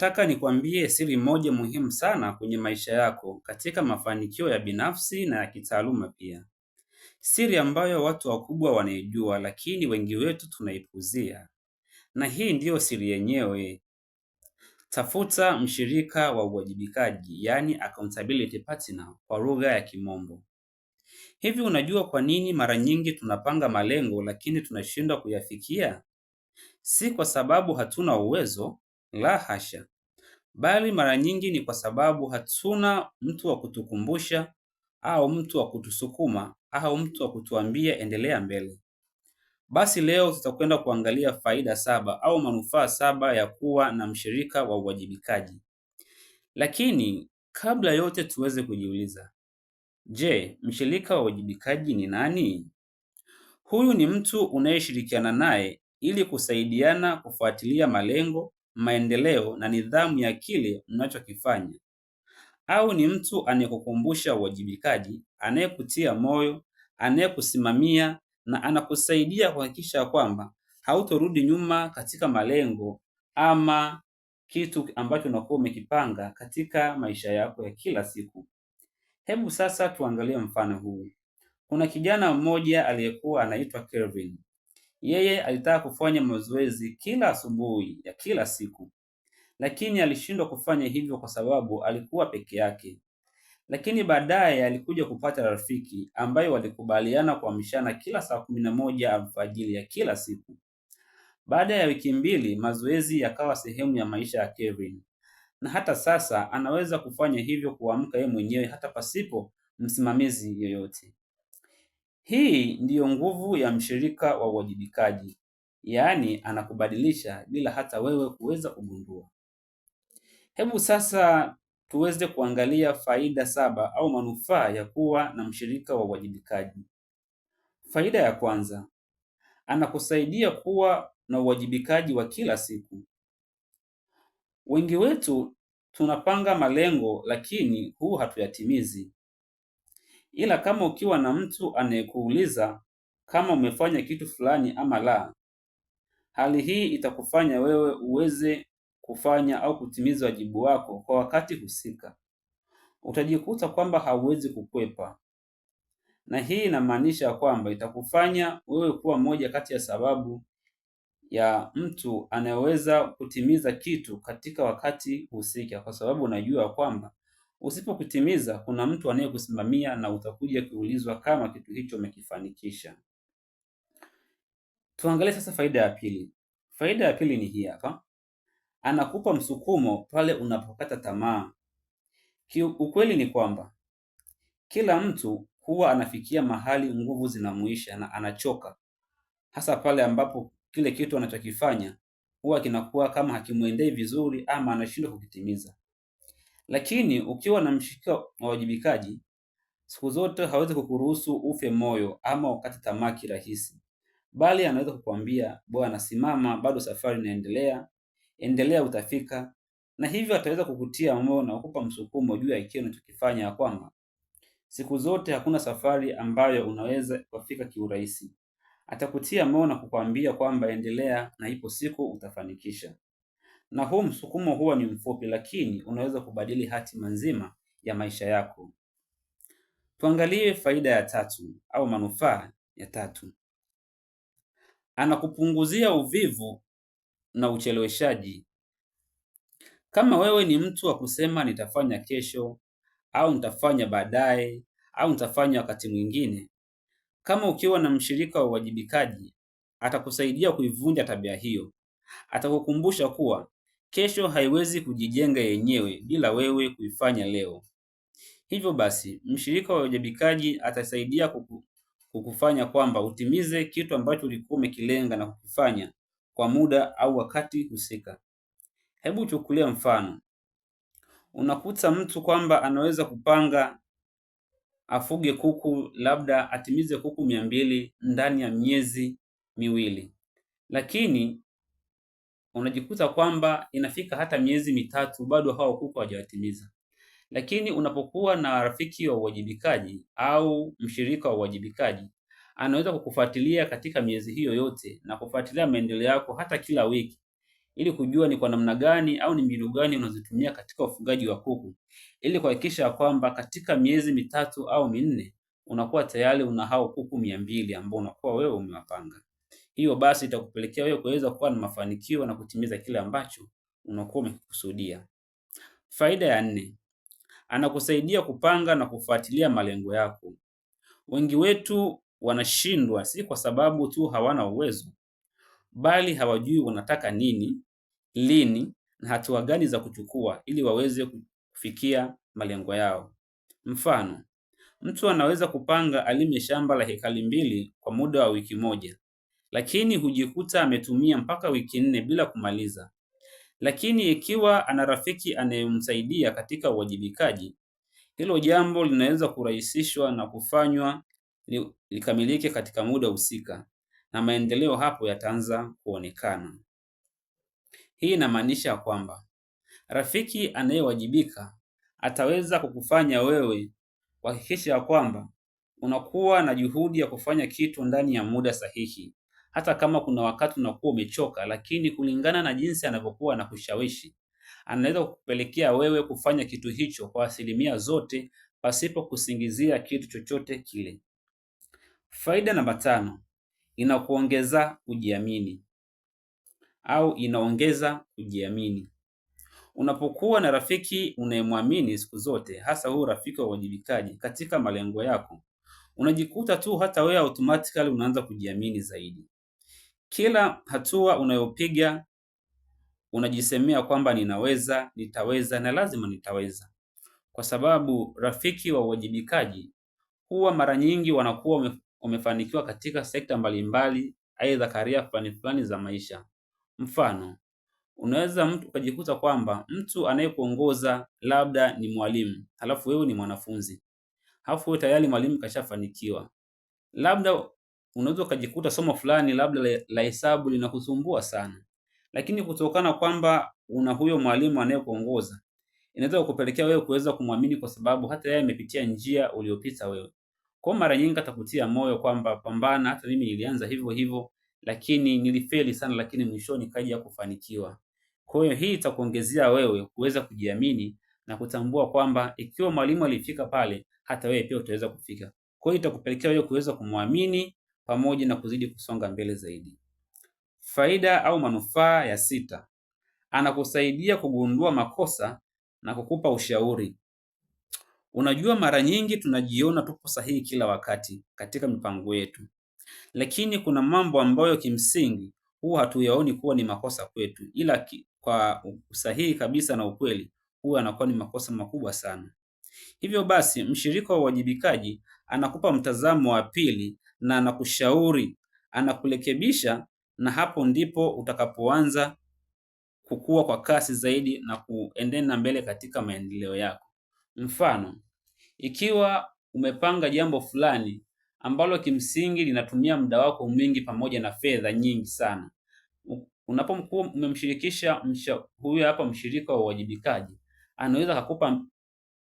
Nataka nikwambie siri moja muhimu sana kwenye maisha yako katika mafanikio ya binafsi na ya kitaaluma pia. Siri ambayo watu wakubwa wanaijua lakini wengi wetu tunaipuzia Na hii ndiyo siri yenyewe. Tafuta mshirika wa uwajibikaji, yani accountability partner kwa lugha ya Kimombo. Hivi unajua kwa nini mara nyingi tunapanga malengo lakini tunashindwa kuyafikia? Si kwa sababu hatuna uwezo, la hasha, bali mara nyingi ni kwa sababu hatuna mtu wa kutukumbusha au mtu wa kutusukuma au mtu wa kutuambia endelea mbele. Basi leo tutakwenda kuangalia faida saba au manufaa saba ya kuwa na mshirika wa uwajibikaji. Lakini kabla yote tuweze kujiuliza, je, mshirika wa uwajibikaji ni nani? Huyu ni mtu unayeshirikiana naye ili kusaidiana kufuatilia malengo, maendeleo na nidhamu ya kile mnachokifanya, au ni mtu anayekukumbusha uwajibikaji, anayekutia moyo, anayekusimamia na anakusaidia kuhakikisha kwamba hautorudi nyuma katika malengo ama kitu ambacho unakuwa umekipanga katika maisha yako ya kila siku. Hebu sasa tuangalie mfano huu. Kuna kijana mmoja aliyekuwa anaitwa Kelvin. Yeye alitaka kufanya mazoezi kila asubuhi ya kila siku, lakini alishindwa kufanya hivyo kwa sababu alikuwa peke yake. Lakini baadaye alikuja kupata rafiki ambaye walikubaliana kuamshana kila saa kumi na moja alfajiri ya kila siku. Baada ya wiki mbili, mazoezi yakawa sehemu ya maisha ya Kevin, na hata sasa anaweza kufanya hivyo, kuamka yeye mwenyewe hata pasipo msimamizi yoyote. Hii ndiyo nguvu ya mshirika wa uwajibikaji, yaani anakubadilisha bila hata wewe kuweza kugundua. Hebu sasa tuweze kuangalia faida saba au manufaa ya kuwa na mshirika wa uwajibikaji. Faida ya kwanza, anakusaidia kuwa na uwajibikaji wa kila siku. Wengi wetu tunapanga malengo lakini huu hatuyatimizi. Ila kama ukiwa na mtu anayekuuliza kama umefanya kitu fulani ama la, hali hii itakufanya wewe uweze kufanya au kutimiza wajibu wako kwa wakati husika. Utajikuta kwamba hauwezi kukwepa, na hii inamaanisha kwamba itakufanya wewe kuwa moja kati ya sababu ya mtu anayeweza kutimiza kitu katika wakati husika, kwa sababu unajua kwamba usipokutimiza kuna mtu anayekusimamia na utakuja kuulizwa kama kitu hicho umekifanikisha. Tuangalie sasa faida ya pili. Faida ya pili ni hii hapa, anakupa msukumo pale unapokata tamaa. Ukweli ni kwamba kila mtu huwa anafikia mahali nguvu zinamuisha na anachoka, hasa pale ambapo kile kitu anachokifanya huwa kinakuwa kama hakimwendei vizuri ama anashindwa kukitimiza. Lakini ukiwa na mshika wa wajibikaji siku zote hawezi kukuruhusu ufe moyo ama ukate tamaa kirahisi, bali anaweza kukwambia, bwana, simama, bado safari inaendelea, endelea, utafika. Na hivyo ataweza kukutia moyo na kukupa msukumo juu ya kile unachokifanya, ya kwamba siku zote hakuna safari ambayo unaweza kufika kiurahisi. Atakutia moyo na kukwambia kwamba endelea, na ipo siku utafanikisha na huu msukumo huwa ni mfupi, lakini unaweza kubadili hatima nzima ya maisha yako. Tuangalie faida ya tatu au manufaa ya tatu. Anakupunguzia uvivu na ucheleweshaji. Kama wewe ni mtu wa kusema nitafanya kesho au nitafanya baadaye au nitafanya wakati mwingine, kama ukiwa na mshirika wa uwajibikaji, atakusaidia kuivunja tabia hiyo. Atakukumbusha kuwa Kesho haiwezi kujijenga yenyewe bila wewe kuifanya leo. Hivyo basi, mshirika wa uwajibikaji atasaidia kuku, kukufanya kwamba utimize kitu ambacho ulikuwa umekilenga na kukifanya kwa muda au wakati husika. Hebu chukulia mfano. Unakuta mtu kwamba anaweza kupanga afuge kuku, labda atimize kuku mia mbili ndani ya miezi miwili, lakini unajikuta kwamba inafika hata miezi mitatu bado hao kuku hawajawatimiza. Lakini unapokuwa na rafiki wa uwajibikaji au mshirika wa uwajibikaji, anaweza kukufuatilia katika miezi hiyo yote na kufuatilia maendeleo yako hata kila wiki, ili kujua ni kwa namna gani au ni mbinu gani unazotumia katika ufugaji wa kuku, ili kuhakikisha kwamba katika miezi mitatu au minne unakuwa tayari una hao kuku mia mbili ambao unakuwa wewe umewapanga hiyo basi itakupelekea wewe kuweza kuwa na mafanikio na kutimiza kile ambacho unakuwa umekusudia. Faida ya nne, anakusaidia kupanga na kufuatilia malengo yako. Wengi wetu wanashindwa si kwa sababu tu hawana uwezo, bali hawajui wanataka nini, lini na hatua gani za kuchukua ili waweze kufikia malengo yao. Mfano, mtu anaweza kupanga alime shamba la hekali mbili kwa muda wa wiki moja, lakini hujikuta ametumia mpaka wiki nne bila kumaliza. Lakini ikiwa ana rafiki anayemsaidia katika uwajibikaji, hilo jambo linaweza kurahisishwa na kufanywa likamilike katika muda husika, na maendeleo hapo yataanza kuonekana. Hii inamaanisha kwamba rafiki anayewajibika ataweza kukufanya wewe kuhakikisha kwamba unakuwa na juhudi ya kufanya kitu ndani ya muda sahihi hata kama kuna wakati unakuwa umechoka, lakini kulingana na jinsi anavyokuwa na kushawishi, anaweza kukupelekea wewe kufanya kitu hicho kwa asilimia zote pasipo kusingizia kitu chochote kile. Faida namba tano, inakuongeza kujiamini au inaongeza kujiamini. Unapokuwa na rafiki unayemwamini siku zote, hasa huu rafiki wa uwajibikaji katika malengo yako, unajikuta tu hata wewe automatically unaanza kujiamini zaidi. Kila hatua unayopiga unajisemea kwamba ninaweza, nitaweza na lazima nitaweza, kwa sababu rafiki wa uwajibikaji huwa mara nyingi wanakuwa wamefanikiwa katika sekta mbalimbali, aidha karia fulani fulani za maisha. Mfano, unaweza mtu ukajikuta kwamba mtu anayekuongoza labda ni mwalimu, halafu wewe ni mwanafunzi, halafu wewe tayari mwalimu kashafanikiwa, labda unaweza ukajikuta somo fulani labda la hesabu linakusumbua sana, lakini kutokana kwamba una huyo mwalimu anayekuongoza inaweza kukupelekea wewe kuweza kumwamini, kwa sababu hata yeye amepitia njia uliyopita wewe. Kwa mara nyingi atakutia moyo kwamba pambana, hata mimi nilianza hivyo hivyo, lakini nilifeli sana, lakini mwishoni kaja kufanikiwa. Kwa hiyo hii itakuongezea wewe kuweza kujiamini na kutambua kwamba ikiwa mwalimu alifika pale, hata wewe pia utaweza kufika. Kwa hiyo itakupelekea wewe kuweza kumwamini pamoja na kuzidi kusonga mbele zaidi. Faida au manufaa ya sita, anakusaidia kugundua makosa na kukupa ushauri. Unajua, mara nyingi tunajiona tupo sahihi kila wakati katika mipango yetu, lakini kuna mambo ambayo kimsingi huwa hatuyaoni kuwa ni makosa kwetu, ila ki, kwa usahihi kabisa na ukweli huwa anakuwa ni makosa makubwa sana. Hivyo basi, mshirika wa uwajibikaji anakupa mtazamo wa pili na anakushauri, anakurekebisha, na hapo ndipo utakapoanza kukua kwa kasi zaidi na kuendelea mbele katika maendeleo yako. Mfano, ikiwa umepanga jambo fulani ambalo kimsingi linatumia muda wako mwingi pamoja na fedha nyingi sana, unapokuwa umemshirikisha huyo hapa mshirika wa uwajibikaji, anaweza kukupa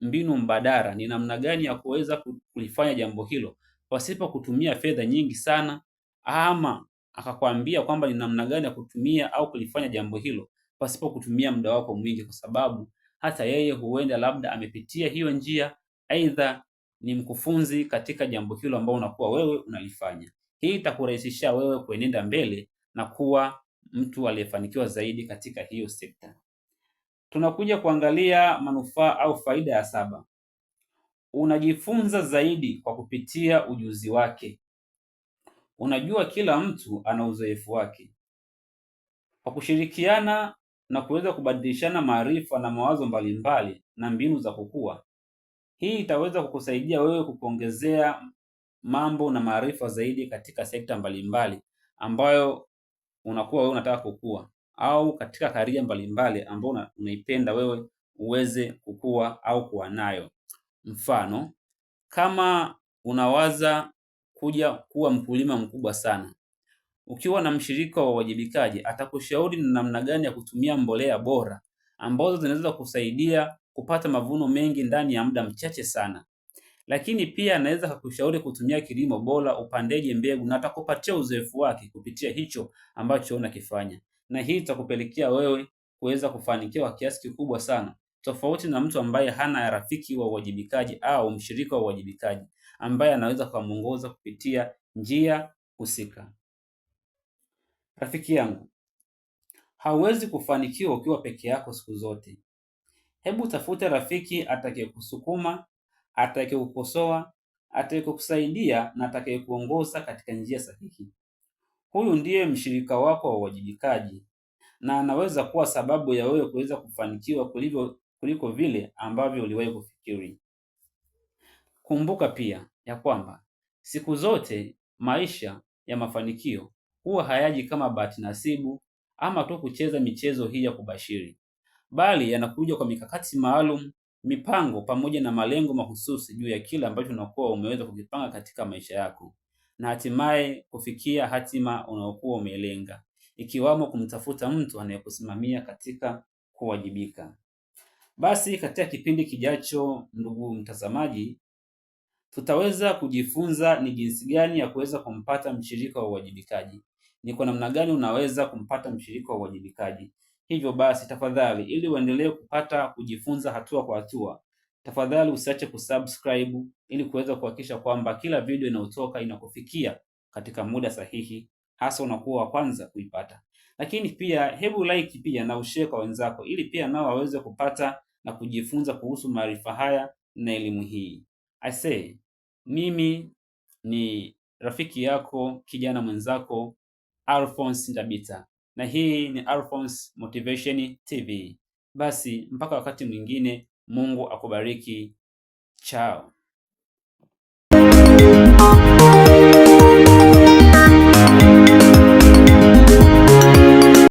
mbinu mbadala, ni namna gani ya kuweza kulifanya jambo hilo pasipo kutumia fedha nyingi sana, ama akakwambia kwamba ni namna gani ya kutumia au kulifanya jambo hilo pasipo kutumia muda wako mwingi, kwa sababu hata yeye huenda labda amepitia hiyo njia, aidha ni mkufunzi katika jambo hilo ambao unakuwa wewe unalifanya. Hii itakurahisishia wewe kuenenda mbele na kuwa mtu aliyefanikiwa zaidi katika hiyo sekta. Tunakuja kuangalia manufaa au faida ya saba unajifunza zaidi kwa kupitia ujuzi wake. Unajua kila mtu ana uzoefu wake. Kwa kushirikiana na kuweza kubadilishana maarifa na mawazo mbalimbali na mbinu za kukua, hii itaweza kukusaidia wewe kukuongezea mambo na maarifa zaidi katika sekta mbalimbali ambayo unakuwa wewe unataka kukua, au katika karia mbalimbali ambayo unaipenda wewe uweze kukua au kuwa nayo. Mfano, kama unawaza kuja kuwa mkulima mkubwa sana, ukiwa na mshirika wa uwajibikaji atakushauri na namna gani ya kutumia mbolea bora ambazo zinaweza kusaidia kupata mavuno mengi ndani ya muda mchache sana. Lakini pia anaweza kukushauri kutumia kilimo bora, upandeje mbegu na atakupatia uzoefu wake kupitia hicho ambacho unakifanya, na hii itakupelekea wewe kuweza kufanikiwa kiasi kikubwa sana tofauti na mtu ambaye hana rafiki wa uwajibikaji au mshirika wa uwajibikaji ambaye anaweza kumwongoza kupitia njia husika. Rafiki yangu, hauwezi kufanikiwa ukiwa peke yako siku zote. Hebu tafute rafiki atakayekusukuma, atakayekukosoa, atakayekusaidia na atakayekuongoza katika njia sahihi. Huyu ndiye mshirika wako wa uwajibikaji na anaweza kuwa sababu ya wewe kuweza kufanikiwa kulivyo kuliko vile ambavyo uliwahi kufikiri. Kumbuka pia ya kwamba siku zote maisha ya mafanikio huwa hayaji kama bahati nasibu ama tu kucheza michezo hii ya kubashiri, bali yanakuja kwa mikakati maalum, mipango pamoja na malengo mahususi juu ya kile ambacho unakuwa umeweza kukipanga katika maisha yako, na hatimaye kufikia hatima unayokuwa umelenga, ikiwamo kumtafuta mtu anayekusimamia katika kuwajibika. Basi katika kipindi kijacho, ndugu mtazamaji, tutaweza kujifunza ni jinsi gani ya kuweza kumpata mshirika wa uwajibikaji, ni kwa namna gani unaweza kumpata mshirika wa uwajibikaji. Hivyo basi, tafadhali, ili uendelee kupata kujifunza hatua kwa hatua, tafadhali usiache kusubscribe ili kuweza kuhakikisha kwamba kila video inayotoka inakufikia katika muda sahihi, hasa unakuwa wa kwanza kuipata. Lakini pia hebu like pia na ushare kwa wenzako, ili pia nao waweze kupata na kujifunza kuhusu maarifa haya na elimu hii. I say mimi ni rafiki yako kijana mwenzako Alphonse Ndabita, na hii ni Alphonse Motivation TV. Basi mpaka wakati mwingine, Mungu akubariki. Chao.